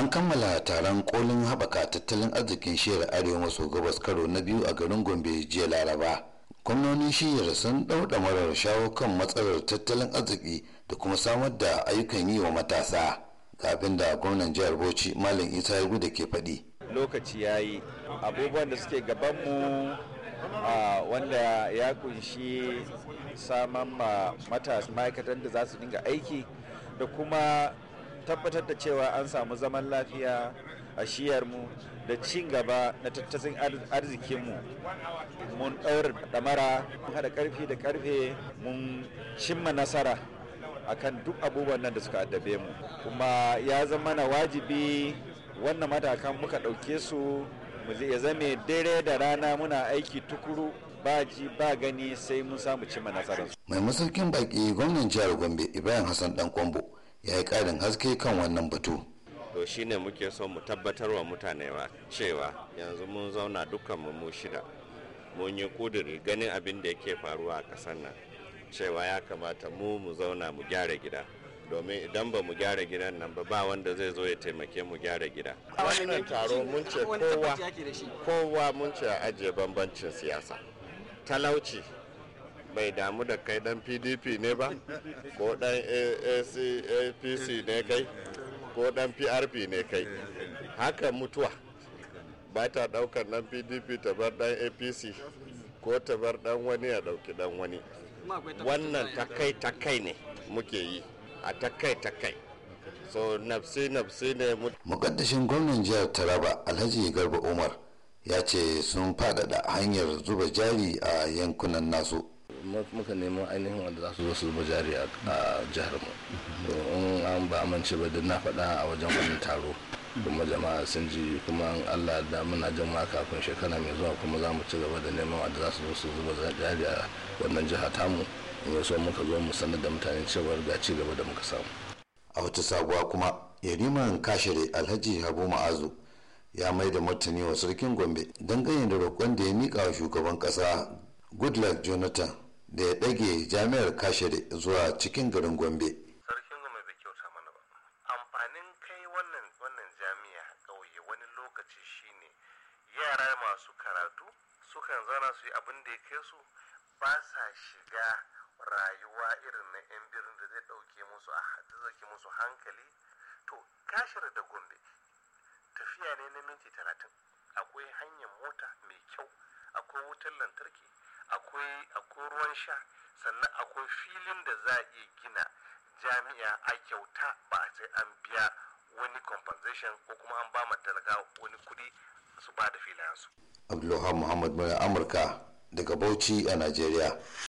an kammala taron kolin haɓaka tattalin arzikin shiyar arewa maso gabas karo na biyu a garin gombe jiya laraba gwamnonin shiyar sun ɗauɗa marar shawo kan matsalar tattalin arziki da kuma samar da ayyukan yi wa matasa kafin da gwamnan jihar bauchi malam isa ya da ke faɗi lokaci ya yi abubuwan da suke gabanmu wanda ya kunshi saman ma matasa ma'aikatan da za su dinga aiki da kuma tabbatar da cewa an samu zaman lafiya a shiyarmu da cin gaba na tattalin arzikinmu mun ɗaura ɗamara mun haɗa ƙarfi da ƙarfe mun cimma nasara akan duk abubuwan nan da suka addabe mu kuma ya zama na wajibi wannan matakan muka ɗauke su mu ya zame dare da rana muna aiki tukuru ba ji ba gani sai mun samu cimma nasararsu. mai masaukin baki gwamnan jihar gombe ibrahim hassan dan kwambo ya yi ƙarin haske kan wannan batu to shi ne muke so mu tabbatar wa mutane cewa yanzu mun zauna dukkan mu shida mun yi kuduri ganin abin da yake faruwa a ƙasar nan cewa ya kamata mu mu zauna mu gyara gida domin idan ba mu gyara gidan nan ba ba wanda zai zo ya taimake mu gyara gida wannan taro mun ce kowa kowa mun ce a ajiye bambancin siyasa talauci bai damu da kai dan pdp ne ba ko dan apc ne kai ko dan prp ne kai haka mutuwa ba ta daukar dan pdp ta bar dan apc ko ta bar dan wani ya dauki dan wani wannan takai takai ne muke yi a takai takai so nafsi nafsi ne mukaddashin gwamnan jihar taraba alhaji garba umar ya ce sun faɗaɗa hanyar zuba jari a yankunan nasu muka neman ainihin wanda za su zo su zuba jari a jihar mu to in an ba amince ba duk na faɗa a wajen wani taro kuma jama'a sun ji kuma an allah da muna jin ma kafin shekara mai zuwa kuma za mu ci gaba da neman wanda za su zo su zuba jari a wannan jiha tamu in ya so muka zo mu sanar da mutane cewa ga ci gaba da muka samu a wata sabuwa kuma yariman kashire alhaji habu ma'azu ya mai da martani wa sarkin gombe dangane da roƙon da ya miƙa wa shugaban ƙasa goodluck jonathan da ya ɗage jami'ar kashere zuwa cikin garin gombe sarkin gombe bai kyauta mana ba amfanin kai wannan wannan jami'a ƙauye wani lokaci shine yara masu karatu sukan zauna su yi abin da ya kai su ba sa shiga rayuwa irin na 'yan birnin da zai ɗauke musu a zaki musu hankali to kashar da gombe tafiya ne na minti talatin akwai hanyar mota mai kyau akwai wutar lantarki akwai akwai ruwan sha sannan akwai filin da za a iya gina jami'a a kyauta ba sai an biya wani compensation ko kuma an ba talaka wani kudi su ba da filayensu. Abdullahi Muhammad mai Amurka daga Bauchi a Najeriya.